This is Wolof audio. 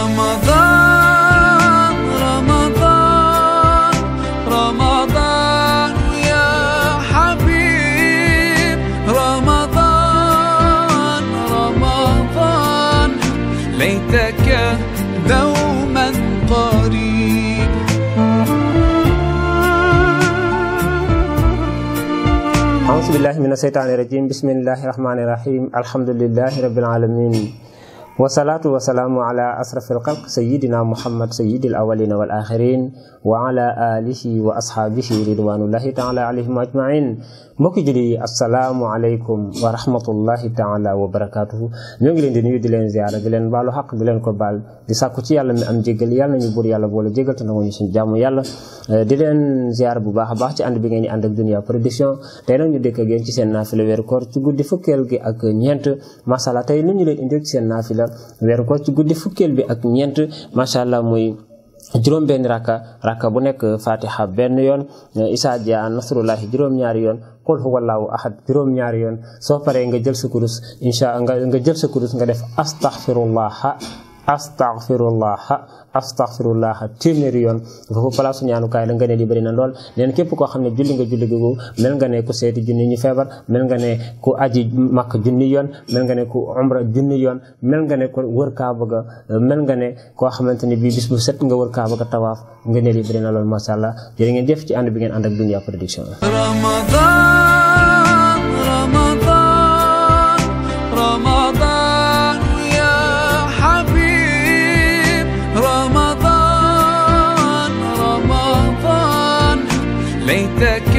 رمضان رمضان رمضان يا حبيب رمضان رمضان ليتك دوما قريب أعوذ بالله من الشيطان الرجيم بسم الله الرحمن الرحيم الحمد لله رب العالمين والصلاة والسلام على أسرف القلق سيدنا محمد سيد الأولين والآخرين وعلى آله وأصحابه رضوان الله تعالى عليهم أجمعين مكجري السلام عليكم ورحمة الله تعالى وبركاته نيوغي لين دي لين زيارة دي لين بالو كبال دي ساكوتي يالا مي أم جيغل يالا مي بور يالا بول جيغل تنو ني سن جامو يالا آه، دي لين زيارة بباح باح تي أند بيغيني أند دنيا بريديسيون تي لين دي كجين تي ويركور تي غودي كي أك نينت ما سالة تي لين دي لين muharram weeru koor ci guddi fukkeel bi ak ñeent macha allah muy juróom benn rakka rakka bu nekk fatiha benn yoon isaa jaa nasrullahi juróom-ñaari yoon qul huwallahu ahad juróom-ñaari yoon soo paree nga jël sa kurus incha nga nga jël sa kurus nga def astaghfirullah astaghfirullaha astaghfirullaha téeméeri yoon foofu place kaay la nga ne di bëri na lool neen képp koo xam ne julli nga julli googu mel nga ne ku seet junni ñu feebar mel nga ne ku aji makk junni yoon mel nga ne ku umra junni yoon mel nga ne wër kaaba ga mel nga ne koo xamante ni bii bis bu set nga wër kaaba ga tawaaf nga ne di bëri na lool masha Allah jërë ngeen jëf ci ànd bi ngeen ànd ak Dunya Production Late the